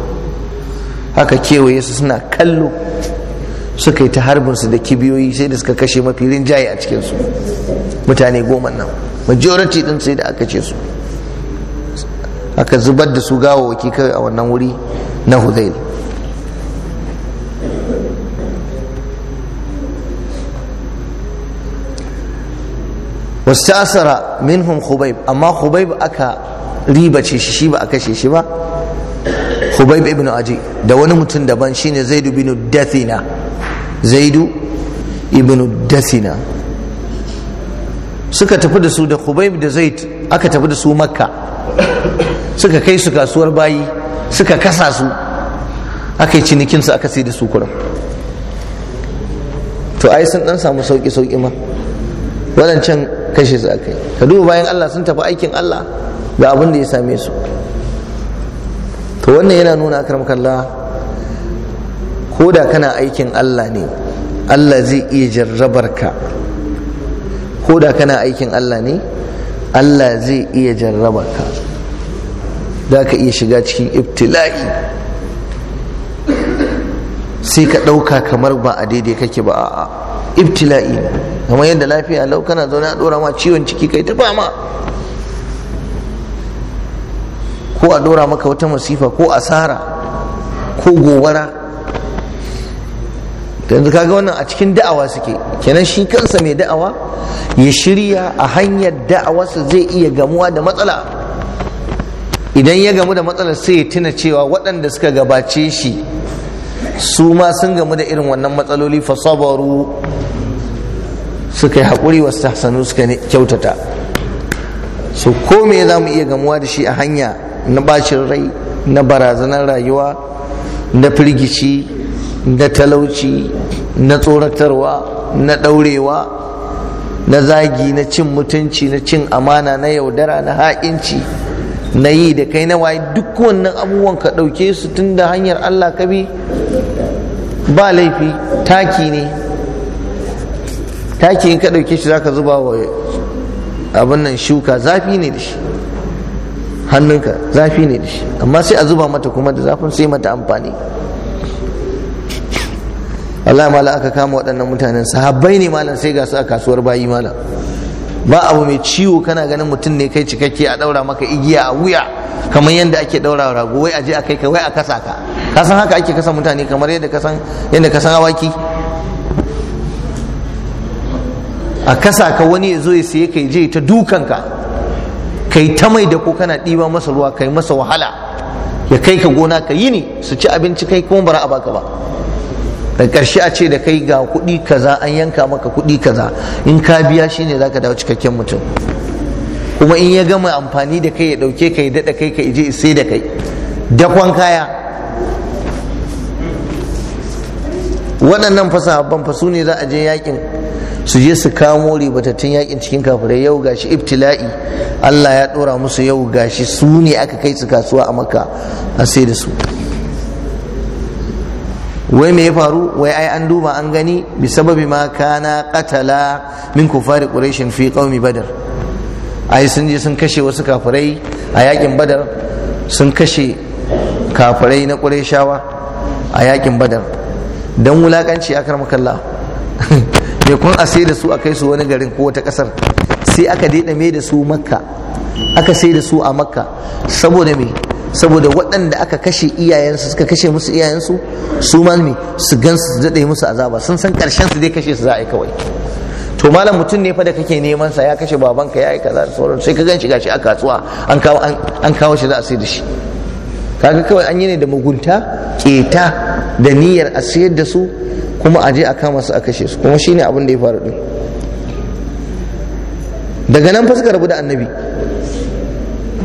haka kewaye su suna kallo suka yi ta harbin su da kibiyoyi sai da suka kashe mafi rinjaye a cikinsu mutane goma nan majority din sai da aka ce su aka zubar da su gawo kawai a wannan wuri na hudayl wasta'asara minhum khubayb amma khubayb aka riba shi shi ba a kashe shi ba khubayb ibn aji da wani mutum daban shine zaid ibn dathina zaid ibn dathina suka tafi da su da khubayb da zaid aka tafi da su makka suka kai su kasuwar bayi suka kasa su aka yi cinikin su aka sai da su kurum to ai sun dan samu sauki sauki ma wadancan kashe su akai ka duba bayan Allah sun tafi aikin Allah ga abin da ya same su to wannan yana nuna karam kalla ko da kana aikin Allah ne Allah zai iya jarrabar ka ko da kana aikin Allah ne Allah zai iya jarrabar ka za ka iya shiga cikin iftilai sai ka ɗauka kamar ba a daidai kake ba a'a ibtila'i kamar yadda lafiya lau kana zaune a dora ma ciwon ciki kai ta fama ko a dora maka wata masifa ko asara ko gobara yanzu kaga wannan a cikin da'awa suke kenan shi kansa mai da'awa ya shirya a hanyar da'awarsa zai iya gamuwa da matsala idan ya gamu da matsalar sai ya tuna cewa waɗanda suka gabace shi su ma sun gamu da irin wannan matsaloli fa sabaru suka yi haƙuri wasu tahsanu suka kyautata su ko me za mu iya gamuwa da shi a hanya na bacin rai na barazanar rayuwa na firgici na talauci na tsoratarwa na ɗaurewa na zagi na cin mutunci na cin amana na yaudara na ha'inci na yi da kai na waye duk wannan abubuwan ka ɗauke su tun da hanyar Allah ka bi ba laifi taki ne taki in ka ɗauke shi zaka zuba wa abin nan shuka zafi ne da shi hannunka zafi ne da shi amma sai a zuba mata kuma da zafin sai mata amfani Allah mala aka kama waɗannan mutanen sahabbai ne malam sai ga su a kasuwar bayi malam ba abu mai ciwo kana ganin mutum ne kai cikakke a ɗaura maka igiya a wuya kamar yadda ake daura rago wai aje a kai kai wai a kasa ka ka san haka ake kasa mutane kamar yadda ka san yadda ka awaki a kasa ka wani ya zo ya siye kai je ta ka kai ta mai da ko kana ɗiba masa ruwa kai masa wahala ya kai ka gona ka yi ne su ci abinci kai kuma bara a baka ba da karshe a ce da kai ga kuɗi kaza an yanka maka kuɗi kaza in ka biya shi ne za ka dawo cikakken mutum kuma in ya gama amfani da kai ya ɗauke ka ya daɗa kai ka je sai da kai dakon kaya waɗannan fasa ban fasu ne za a je yakin su je su kamo ribatattun yakin cikin kafirai yau gashi ibtila'i Allah ya ɗora musu yau gashi su ne aka kai su kasuwa a maka a sai da su wai me ya faru wai ai an duba an gani bi sababi ma kana qatala min kufari quraish fi qaumi badar ai sun je sun kashe wasu kafirai a yakin badar sun kashe kafirai na qurayshawa a yakin badar dan wulakanci akar makalla <laughs> me kun asai da su akai su wani garin ko wata kasar sai aka daɗa mai da su makka aka sai da su a makka saboda me saboda waɗanda aka kashe iyayensu suka kashe musu iyayensu su malami su gansu su daɗe musu azaba sun san ƙarshen su dai kashe su za a yi kawai to malam mutum ne fa da kake neman sa ya kashe babanka ya yi kaza da sauran sai ka gan shi a kasuwa an kawo an kawo shi za a sayar da shi kaga kawai an yi ne da mugunta keta da niyyar a sayar da su kuma a je a kama su a kashe su kuma shine abin da ya faru din daga nan fa suka rabu da annabi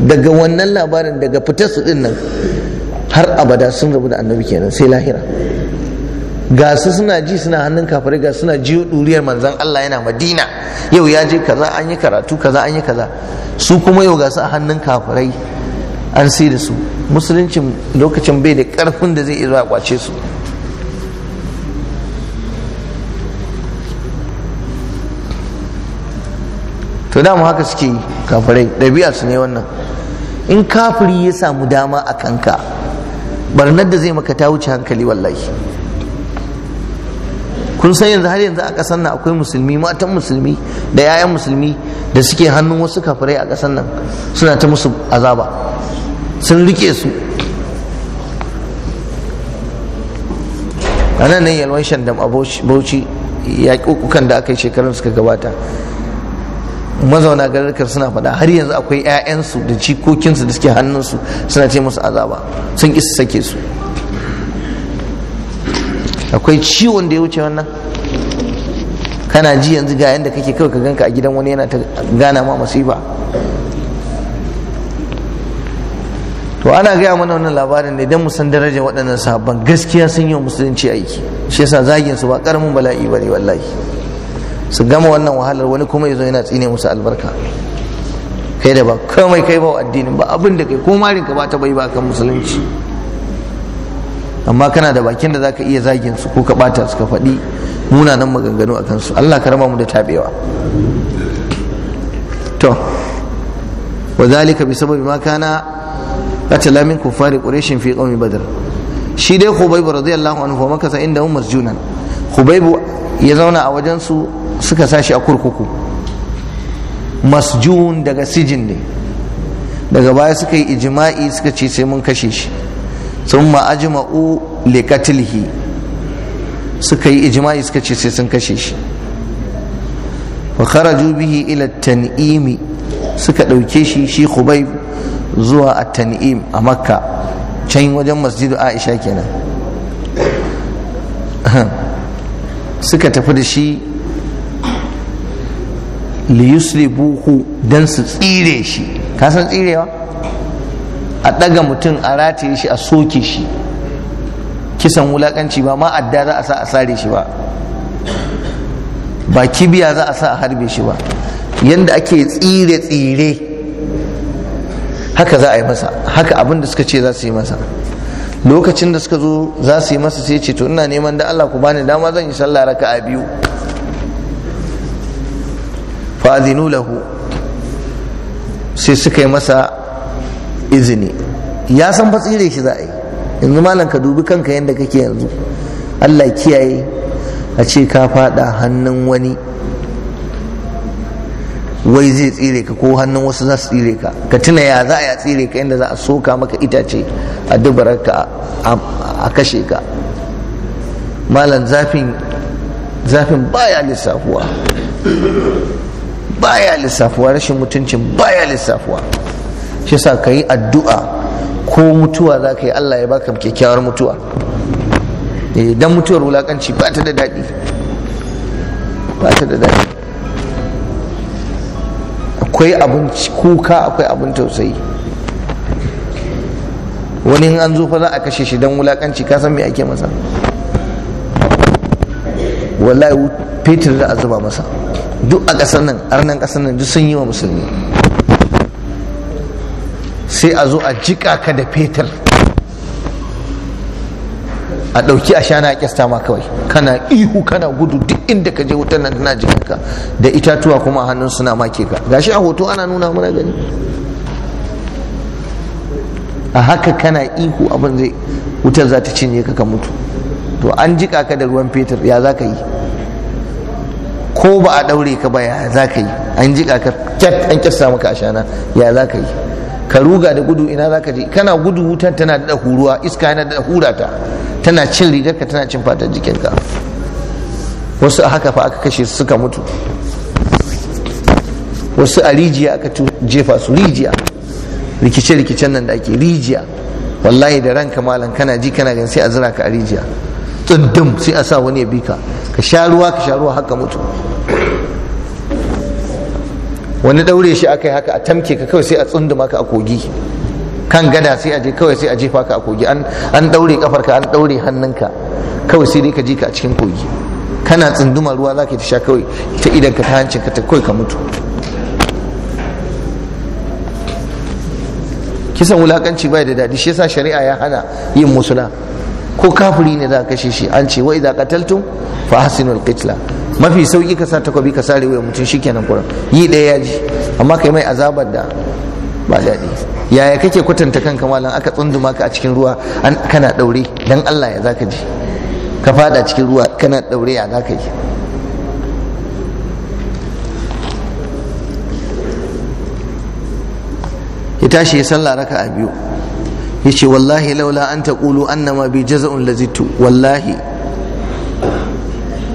daga wannan labarin daga fitar su din nan har abada sun rabu da annabi kenan sai lahira ga su suna ji suna hannun kafirai ga suna ji ɗuriyar manzan Allah yana madina yau ya je kaza an yi karatu kaza an yi kaza su kuma yau ga su a hannun kafirai an sai da su musulunci lokacin bai da karfin da zai iya kwace su to dama haka suke kafirai ɗabi'a su ne wannan in kafiri ya samu dama a kanka barnar da zai maka ta wuce hankali wallahi kun san yanzu har yanzu a ƙasar nan akwai musulmi matan musulmi da 'ya'yan musulmi da suke hannun wasu kafirai a ƙasar nan suna ta musu azaba sun rike su a nan ne yalwan shandam a bauchi yaƙuƙukan da aka yi shekarun suka gabata mazauna gararkar suna faɗa har yanzu akwai 'ya'yansu da cikokinsu da suke hannunsu suna ce musu azaba sun ƙi su sake su akwai ciwon da ya wuce wannan kana ji yanzu ga yanda kake kawai ka ganka a gidan wani yana ta gana ma masifa to ana gaya mana wannan labarin ne don mu san darajar waɗannan sabon gaskiya sun yi wa musulunci aiki shi yasa zagin su ba ƙaramin bala'i bane wallahi su gama wannan wahalar wani kuma ya zo yana tsine musu albarka kai da ba komai kai ba addinin ba abin da kai ko marinka ba ta bai ba kan musulunci amma kana da bakin da zaka iya zagin su ko ka bata su ka faɗi munanan maganganu akan su Allah ka mu da tabewa to wa zalika bi sababi ma kana qatala min kuffari quraish fi qawmi badr shi dai khubayb radiyallahu anhu makasa inda hum masjunan khubayb ya zauna a wajen su suka sashi a kurkuku masjun daga sijin ne daga baya suka yi ijima'i suka ce sai mun kashe shi sun ma'ajima'u lekatilhi suka yi ijima'i suka ce sai sun kashe shi wa kharaju bihi ila tan'imi suka ɗauke shi shi kubai zuwa a tan'im a makka can wajen masjidu aisha kenan suka tafi da shi buhu dan su tsire shi ka san tsirewa a ɗaga mutum a rataye shi a soke shi kisan wulakanci ba ma adda za a sa a sare shi ba ba kibiya za a sa a harbe shi ba Yadda ake tsire tsire haka za a yi masa haka abin da suka ce za su yi masa lokacin da suka zo za su yi masa sai ce to ina neman da Allah ku bani dama zan yi sallah raka'a biyu fa'adinu lahu sai suka yi masa izini ya san fa tsire shi za a yi yanzu malam ka dubi kanka yadda kake yanzu Allah kiyaye a ce ka fada hannun wani wai zai tsire ka ko hannun wasu za su tsire ka ka tuna ya za a tsire ka yadda za a soka maka itace a dubarar ka a kashe ka malam zafin zafin baya lissafuwa baya lissafuwa rashin mutuncin baya lissafuwa shi sa ka yi addu'a ko mutuwa za ka yi Allah ya baka kyakkyawar mutuwa idan eh, mutuwar wulakanci ba ta da daɗi ba ta da daɗi akwai abin kuka akwai abin tausayi wani an zo fa za a kashe shi don wulakanci ka san me ake masa wallahi fetur da a zuba masa duk a ƙasar nan arnan ƙasar nan duk sun yi wa musulmi sai a zo a jika ka da fetur a ɗauki a shana a kyasta ma kawai kana ihu kana gudu duk inda ka je wutar nan tana ka da itatuwa kuma hannun suna make ka gashi a hoto ana nuna mana gani a haka kana ihu abin zai wutar za ta cinye ka ka mutu to an jika ka da ruwan fetur ya za ka yi ko ba a daure ka ba ya za ka yi an ji ka kyat an kyasta maka ashana ya za ka yi ka ruga da gudu ina za ka je kana gudu wutan tana da huruwa iska yana da hurata tana cin rigarka tana cin fatar jikinka wasu a haka fa aka kashe su suka mutu wasu a rijiya aka jefa su rijiya rikice-rikicen nan da ake rijiya wallahi da ranka malam kana ji kana gan sai a zira ka a rijiya tsundum sai a sa wani ya bi ka ka sha ruwa ka sha ruwa haka mutu wani daure shi aka yi haka a tamke ka kawai sai a tsunduma ka a kogi kan gada sai a je kawai sai a jefa ka a kogi an daure kafar ka an daure hannunka kawai sai dai ka ji ka a cikin kogi kana tsunduma ruwa za ka ta sha kawai ta idan ka ta hancin ka ta kawai ka mutu kisan wulakanci bai da daɗi shi yasa shari'a ya hana yin musula ko kafiri ne za ka kashe shi an ce za idza qataltum fa hasinul qitla mafi sauki ka sa takobi ka sare wuyan mutum shikenan kuran yi ɗaya ya ji amma kai mai azabar da ba daɗi yaya kake kwatanta kanka malam aka tsunduma ka a cikin ruwa kana ɗaure dan Allah ya zaka ji ka fada cikin ruwa kana ɗaure ya zaka ji. ya tashi ya sallah raka'a a biyu yace wallahi laula an taqulu annama bi jaza'un lazitu wallahi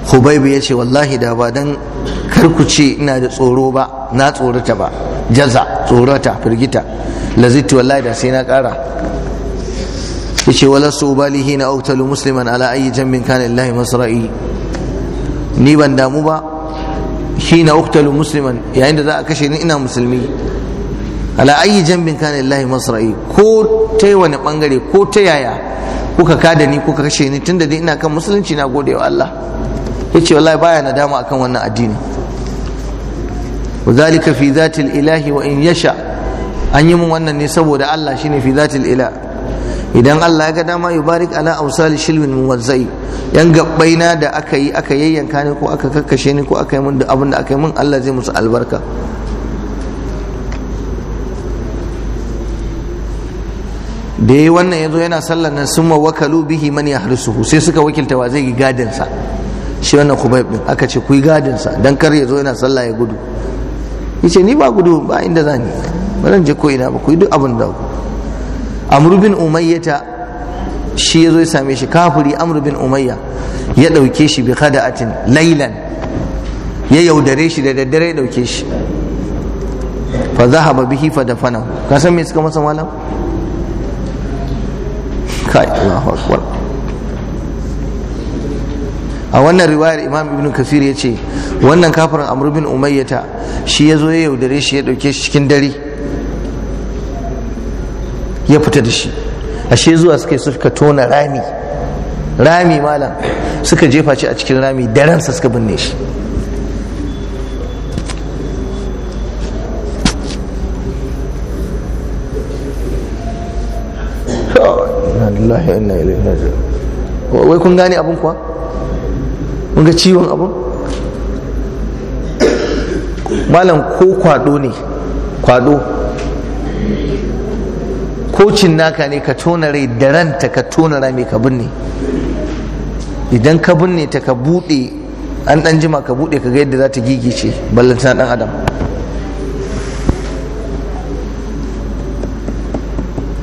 Hubaibu yace wallahi da ba dan kar ku ce ina da tsoro ba na tsorata ba jaza tsorata firgita lazitu wallahi da sai na kara yace wala balihi na autalu musliman ala ayi jambin kana lillahi masra'i ni ban damu ba hina uktalu musliman yayin da za a kashe ni ina musulmi ala ayi jambin kana lillahi masra'i ko ta wani bangare ko ta yaya kuka kada ni kuka kashe ni tunda dai ina kan musulunci na gode wa Allah yace wallahi baya nadama akan wannan addini wadhalika fi dhatil ilahi wa in yasha an yi mun wannan ne saboda Allah shine fi dhatil ilah idan Allah ya ga dama yubarik ala awsal shilmin muwazzai yan gabbaina da aka yi aka yayyanka ne ko aka kakkashe ni ko aka yi mun da abin da aka yi mun Allah zai musu albarka da yayi wannan ya zo yana sallah nan summa wakalu bihi man yahrusuhu sai suka wakilta wa zai yi gadin sa shi wannan ya bin, aka ce ku yi gadin sa dan kar zo yana sallah ya gudu yace ni ba gudu ba inda zan yi ba zan je ko ina ba ku yi duk abin da ku amr bin umayyata shi ya zo ya same shi kafiri amr bin umayya ya dauke shi bi khada'atin laylan ya yaudare shi da daddare ya dauke shi fa ba bihi fa dafanahu ka san me suka masa malam kai Allahu akbar a wannan riwayar imam ibn kafir ya ce wannan kafirin amr bin umayyata shi ya zo ya yaudare shi ya dauke shi cikin dare ya fita da shi ashe zuwa suka suka tona rami rami malam suka jefa shi a cikin rami daren sa suka binne shi lillahi inna ilaihi raji'un wai kun gane abun kuwa kun ga ciwon abun malam ko kwado ne kwado kocin naka ne ka tona rai da ranta ka tona rami ka binne idan ka binne ta ka bude an dan jima ka bude ka ga yadda za ta gigice ballantana dan adam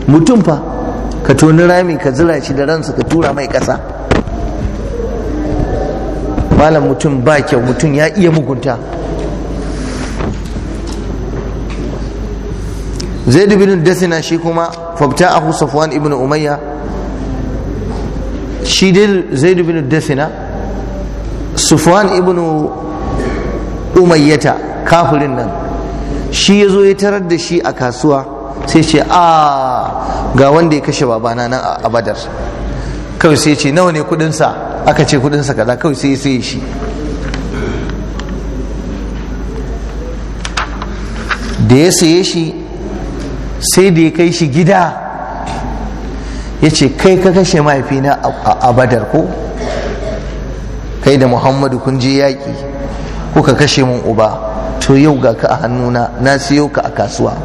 mutum fa ka toni rami ka zira shi da ransa ka tura mai ƙasa malam mutum ba kyau mutum ya iya mugunta zaid bin dasina shi kuma fabta ahu safwan ibn umayya shi dai zaid bin dasina safwan ibn umayyata kafirin nan shi ya zo ya tarar da shi a kasuwa sai ce a ga wanda ya kashe babana nan a badar kawai sai ce nawa ne kudinsa aka ce kudinsa kaza kawai sai sai shi da ya saye shi sai da ya kai shi gida ya ce kai ka kashe mahaifina a badar ko kai da muhammadu kun je yaƙi kuka kashe mun uba to yau ga ka a hannuna na siyo ka a kasuwa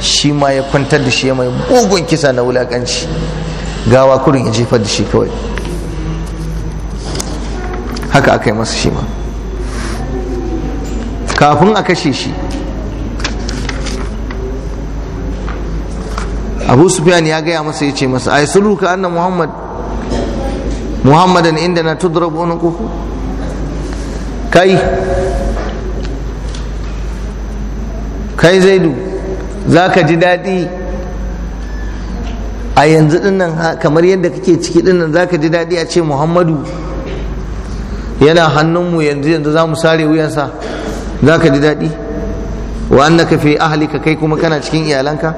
shi ma ya kwantar da shi ya mai mugun kisa na wulakanci gawa kurin ya jefar da shi kawai haka aka yi masa shi ma kafin a kashe shi abu sufyan ya gaya masa ya ce masa ai sulhu ka anna muhammad muhammadan inda na tudrabu kuku kai kai zaidu za ka ji daɗi a yanzu dinnan kamar yadda kake ciki dinnan za ka ji daɗi a ce muhammadu yana hannunmu yanzu yanzu za mu sare wuyansa za ka ji daɗi wa annaka fi ka kai kuma kana cikin iyalanka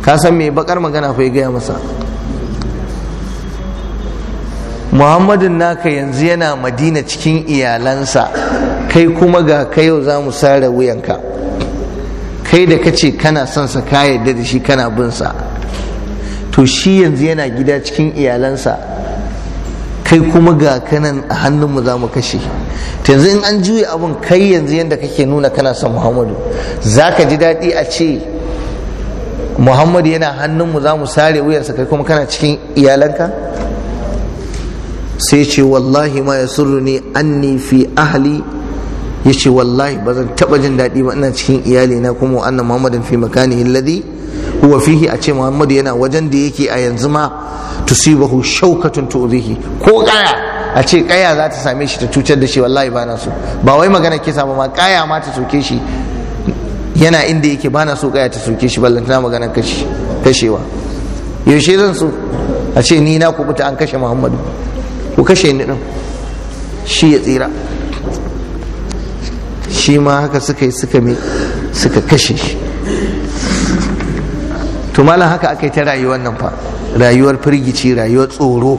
ka san me bakar magana fa ya gaya masa muhammadin naka yanzu yana madina cikin iyalansa kai kuma ga kai yau za mu sare wuyanka kai da kace kana son sa ka yarda da shi kana bin sa to shi yanzu yana gida cikin iyalansa kai kuma ga kanan a hannunmu za mu kashe yanzu in an juya abin kai yanzu yadda kake nuna kana son muhammadu za ka ji daɗi a ce muhammadu yana hannunmu za mu sare wuyarsa kai kuma kana cikin iyalanka sai ce wallahi ma ya surru ne an nifi ahli ya ce wallahi ba zan jin daɗi ba ina cikin iyali na kuma anna muhammadin fi makani alladhi huwa fihi a ce muhammadu yana wajen da yake a yanzu ma tusibahu shaukatun tu'zihi ko kaya a ce kaya za ta same shi ta cutar da shi wallahi ba na so ba wai magana kisa ba ma kaya ma ta soke shi yana inda yake ba na so kaya ta soke shi ballantana magana kashewa yaushe zan so a ce ni na kubuta an kashe muhammadu ku kashe ni din shi ya tsira shi ma haka suka yi suka me suka kashe shi to malam haka aka yi ta rayuwar nan fa rayuwar firgici rayuwar tsoro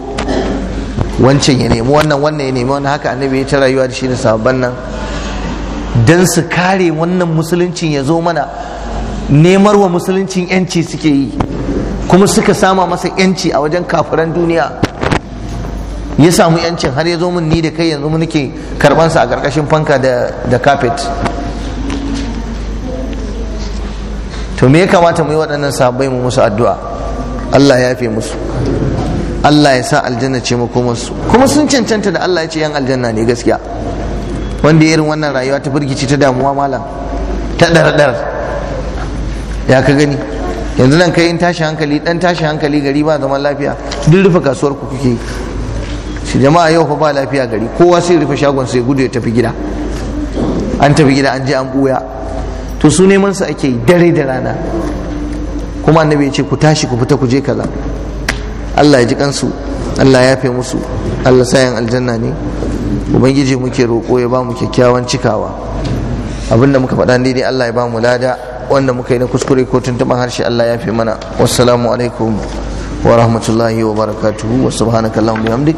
wancan ya nemi wannan wannan ya nemi wannan haka annabi ya ta rayuwa da shi da sababbin nan don su kare wannan musuluncin ya zo mana nemar wa musuluncin yanci suke yi kuma suka sama masa yanci a wajen kafiran duniya ya samu yancin har ya zo min ni da kai yanzu nake karban sa a karkashin fanka da da carpet to me ya kamata mu yi waɗannan sahabbai mu musu addu'a Allah ya yafe musu Allah ya sa aljanna ce mu kuma sun cancanta da Allah ya ce yan aljanna ne gaskiya wanda irin wannan rayuwa ta firgici ta damuwa malam ta ɗarɗar ya ka gani yanzu nan kai in tashi hankali dan tashi hankali gari ba zaman lafiya duk rufe kasuwar ku kuke shi jama'a yau fa ba lafiya gari kowa sai rufe shagon sai gudu ya tafi gida an tafi gida an je an buya to su neman su ake dare da rana kuma annabi ya ce ku tashi ku fita ku je kaza Allah ya ji kansu Allah ya fe musu Allah sayan aljanna ne ubangiji muke roƙo ya ba mu kyakkyawan cikawa abinda muka faɗa ne ne Allah ya ba mu lada wanda muka yi na kuskure ko tuntuɓar harshe Allah ya fi mana wassalamu alaikum wa rahmatullahi wa barakatuhu wa subhanakallahumma bihamdik